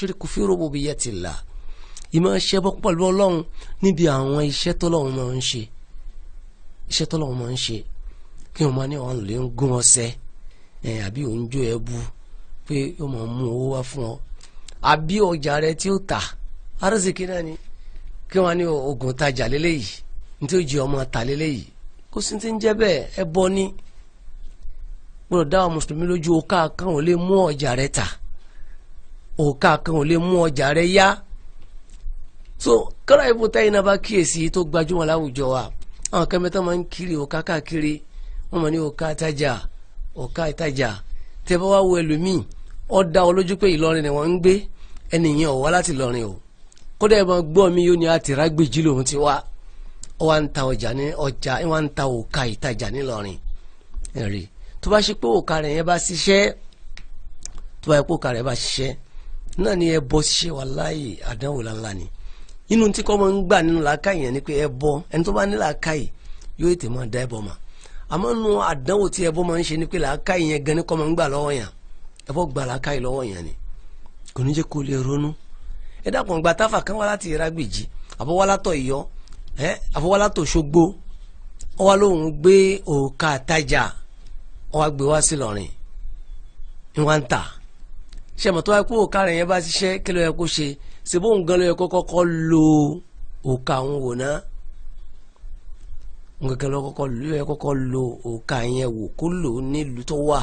ṣírìkù fi rububiyatillah ìmọ̀ ṣẹbọ pẹ̀lú ọlọ́run níbi àwọn iṣẹ́ tọ́lọ́run máa ń ṣe iṣẹ́ tọ́lọ́run máa ń ṣe kí wọ́n máa ní ọ̀hún lè ń gún ọṣẹ ẹ̀ àbí òun jó ẹ bu pé ó máa mú owó wá fún ọ àbí ọjà rẹ tí ó tà arásìkí náà ni kí wọ́n ní oògùn tajà lélẹ́yìí nítorí ó ọmọ tà lélẹ́yìí kó sì ti ń jẹ́ bẹ́ẹ̀ ẹ bọ́ ní gbọ́dọ̀ dáwọ́ mùsùlùmí lójú ọkà kan lè mú ọjà rẹ tà òkà kan ò lè mú ọjà rẹ yá so kọ́ra ibo táyìn náà bá kíyèsí tó gbajúmọ̀ láwùjọ wa àwọn kẹ́mẹ́tà máa ń kiri òkà káàkiri wọ́n máa ní òkà ìtajà òkà ìtajà tẹ́ bá wá wo ẹlòmíì ó dá pé Ìlọrin ni wọ́n ń gbé ẹnìyẹn ò wá láti Ìlọrin o kódà ẹ máa gbọ́ mi yóò ní àtìrágbèjì lòun ti wá ọ wá ń ta ọjà ní ọjà ẹ wá ń ta òkà ìtajà nílọrin ẹ̀rí tó bá ṣe pé òkà rẹ̀ yẹn bá ṣiṣẹ́ tó bá yẹ pé òkà rẹ̀ bá ṣiṣẹ́ náà ni ẹbọ ṣíṣe wàláhì àdánwò lánlá ni inú tí kọ́ máa ń gbà nínú làákàyè yẹn ni pé ẹbọ ẹni tó bá ní làákàyè yóò tètè máa da ẹbọ mà àmọ́ nu àdánwò tí ẹbọ máa ń ṣe ni pé làákàyè yẹn gan ni kọ́ máa ń gbà lọ́wọ́ yẹn ẹbọ gbà làákàyè lọ́wọ́ yẹn ni kò ní jẹ́ kó lè ronú ẹ dákun gba táfà kan wá láti Iragbèjì àbọ̀wálátọ̀ Ìyọ́ ẹ àbọ̀wálátọ̀ Ṣogbo ó lóun gbé òòkà àtajà ó gbé wá sí lọ́rin ń wá ń ta ṣe mọ̀ tó wáyé pé òkà rẹ̀ yẹn bá ṣiṣẹ́ kí ló yẹ kó ṣe ṣe bó ń gan ló yẹ kó kọ́kọ́ lo òkà òun wò ná nǹkan kan ló kọ́kọ́ ló yẹ kọ́kọ́ lo òkà yẹn wò kó lò ó nílùú tó wà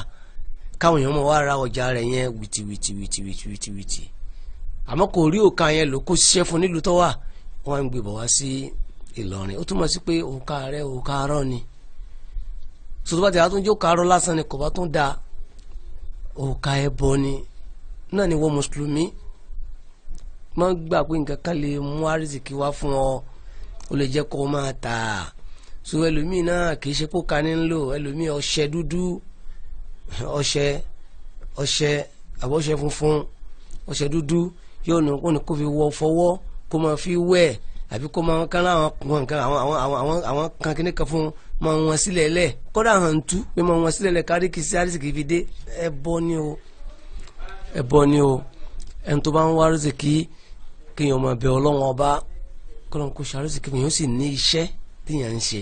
káwọn èèyàn mọ̀ wá ra ọjà rẹ̀ yẹn wìtìwìtìwìtìwìtìwìtì àmọ́ kò rí òkà yẹn lò kó ṣiṣẹ́ fún nílùú tó wà wọ́n ń gbé bọ̀ wá sí Ìlọrin ó túmọ̀ sí pé òkà rẹ̀ òkà arọ́ ni sọtọ́ bá ti àtúnjẹ́ òkà arọ́ lásán ni kò bá tún da òkà ẹbọ ni náà ni wọ́n mùsùlùmí máa ń gbà pé nǹkan kan lè mú àrísìkí wá fún ọ ó lè jẹ́ kó o máa tà á so ẹlòmíì náà kì í ṣe kó kaní ń lò ẹlòmíì ọṣẹ dúdú ọṣẹ ọṣẹ àbọ̀ṣẹ funfun ọṣẹ dúdú yóò nù kó ní kó fi wọ fọwọ́ kó máa fi wẹ̀ àbí kó máa kán láwọn kan àwọn àwọn àwọn àwọn kan kíní kan fún máa wọn sílẹ̀ lẹ̀ kódà hàn tú pé máa wọn sílẹ̀ lẹ̀ kárí kìí sí àrísìkí fi dé ẹ bọ́ ni o ẹbọ ni o ẹni tó bá ń wá rìsìkì kéèyàn máa bẹ Ọlọ́run ọba kọ́lọ́n kó ṣàrìsìkì kéèyàn sì ní iṣẹ́ téèyàn ń ṣe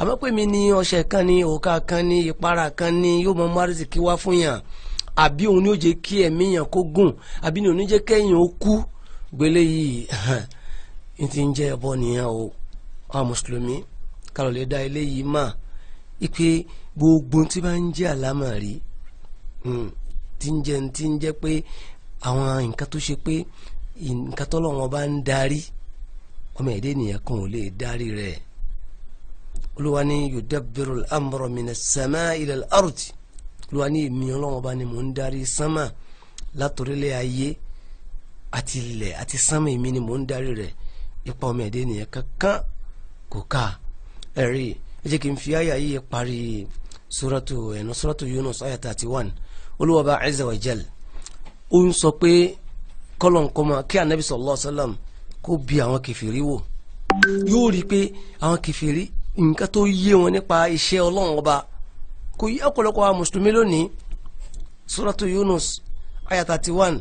àmọ́ pé mi ní ọṣẹ kan ní òkà kan ní ìpara kan ní yóò máa mú rìsìkì wá fún yàn àbí òun ni ó jẹ́ kí ẹ̀mí yàn kó gùn àbí ni òun ni jẹ́ kẹ́yìn ó kú gbélé yìí n ti ń jẹ́ ẹbọ nìyẹn o àwọn mùsùlùmí kálọ̀ lè dá eléyìí mà ipe gbogbo tí bá ń jẹ́ àlámà rí hmm, tí ń jẹ́ tí ń jẹ́ pé àwọn nǹkan tó ṣe pé nǹkan tọ́lọ́wọ́n bá ń darí ọmọ èdè ènìyàn kan ò lè darí rẹ̀ olúwa ní yudabbiru al-amra minas samaa ila al-ard ni ní èmi ọlọ́wọ́n bá ní mò ń darí sánmà látòrílẹ̀ ayé àti ilẹ̀ àti sánmà èmi ni mò ń darí rẹ̀ ipa ọmọ èdè ènìyàn kankan kò ká ẹ̀rí ẹ jẹ́ kí n fi àyà yìí parí suratu ẹ̀nu suratu Yunus àyà thirty one. Olúwa Ọba Azza wa Jal ó ń sọ pé kọ́lọ̀nkọ́mọ kí anabi sallallahu alaihi wasallam kó bi àwọn kẹfìrí wò yóò rí i pé àwọn kẹfìrí nǹkan tó yé wọn nípa iṣẹ́ ọlọ́run ọba kò yí ọ̀pọ̀lọpọ̀ àwọn mùsùlùmí lónìí suratu Yunus ayat thirty one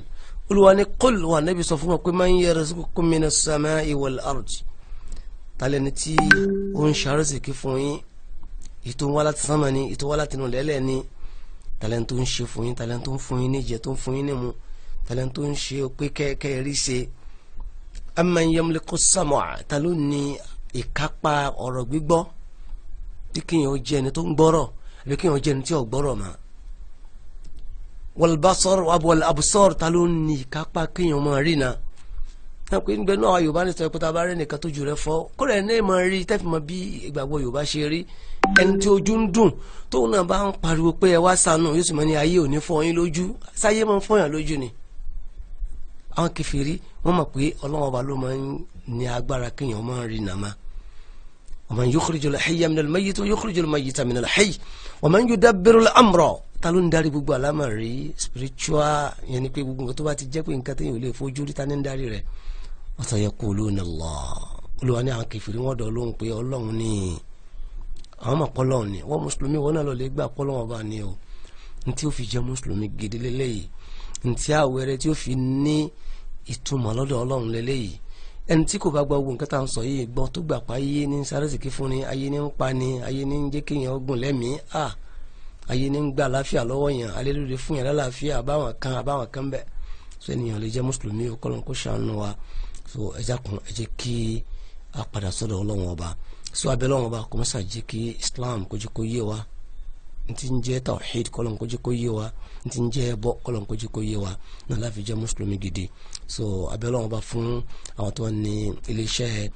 Olúwa ní qul wa anabi sọ fún wọn pé man yarzuqukum minas samai wal ard talẹ́ni tí ó ń ṣàrẹ́sìkí fún yín ètò wá láti sánmà ni ètò wá láti lẹ́lẹ́ ni talẹ́ni tó ń ṣe fún yín talẹ́ni tó ń fún yín níjẹ tó ń fún yín nímu talẹ́ni tó ń ṣe pé kẹ́kẹ́ rí ṣe amman yamliku sam'a ta ló ní ìkápá ọ̀rọ̀ gbígbọ́ bí kéèyàn ó jẹ́ ẹni tó ń gbọ́rọ̀ bí kéèyàn ó jẹ́ ẹni tí ò gbọ́rọ̀ mọ́ wal basar wal absar ní ìkápá kéèyàn máa rí náà náà pé nígbẹ́ náà yorùbá ní sọ pé tá a bá rẹ́ nìkan tó jù rẹ fọ́ kó rẹ̀ ní ìmọ̀ rí tẹ́fì mọ bí ìgbàgbọ́ yorùbá ṣe rí ẹni tí ojú ń dùn tóun náà bá ń pariwo pé ẹ wá sànù yóò sì mọ ní ayé òní fọ́ yín lójú sáyé mọ́ fọ́yàn lójú ni. àwọn kẹfìrí wọ́n mọ̀ pé ọlọ́wọ́n ọba ló máa ń ní agbára kéèyàn máa ń rí nàmá ومن يخرج الحي من الميت ويخرج الميت من الحي ومن يدبر الامر ta ló ń darí gbogbo àlámọ̀rí spiritual yẹn ni pé gbogbo nǹkan tó bá ti jẹ́ pé nǹkan téèyàn ò lè fojú rí ta ni ń darí rẹ̀ wọ́n sọ yẹ kó olóhùn Allah olùwà ní àwọn kẹfìrí wọn dọ̀ lóhùn pé ọlọ́run ni àwọn mọ̀ pọ́lọ́run ni wọ́n mùsùlùmí wọn náà lọ lè gbà pọ́lọ́run ọba ni o ntí ó fi jẹ́ mùsùlùmí gidi lélẹ́yìí ntí àwẹ̀rẹ̀ tí ó fi ní ìtumọ̀ lọ́dọ̀ ọlọ́run lélẹ́yìí ẹni tí kò bá gba ogun kẹta ń sọ yìí gbọ́ tó gbà pa ayé ní sárésìkí fún ni ayé ní ń pa ni ayé ní ń jẹ́ kéèyàn ọgùn lẹ́mìí à ayé ní ń gba àláfíà lọ́wọ́ yẹn alẹ́ lóde fún yẹn lálàáfíà àbáwọn kan àbáwọn kan bẹ́ẹ̀ so ènìyàn lè jẹ́ mùsùlùmí o kọ́lọ́n kó ṣàánú wa so ẹ jákun ẹ kí a padà sọ́dọ̀ ọlọ́wọ́n ọba so abẹ́ ọlọ́wọ́n ọba kò jẹ́ kí islam kó jẹ́ kó yé wa ntí ń jẹ́ tawhid kọ́lọ́n kó jẹ́ kó yé wa ntí ń jẹ́ ẹbọ kọ́lọ́n kó kó yé wa náà láfi jẹ́ mùsùlùmí gidi so abẹ́ ọlọ́wọ́n ọba fún àwọn tó ní iléeṣẹ́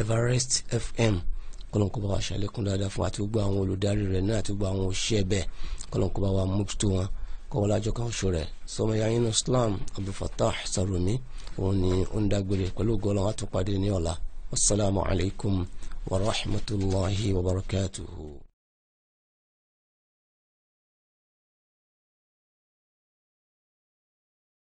Everest FM kọ́lọ́n kó bá wa ṣàlékún dáadáa fún àti gbogbo àwọn olùdarí rẹ̀ náà àti gbogbo àwọn òṣìṣẹ́ bẹ́ẹ̀ kọ́lọ́n kó bá wa mójútó wọn kọ́wọ́lá ọjọ́ kan ṣo rẹ̀ sọmọ ya inú Islam Abdulfatah Sarumi òun ni ó ń dágbére pẹ̀lú gọ́lọ́ wa tún pàdé ní ọ̀la wasalaamualeykum wa rahmatulahi wa barakatuhu.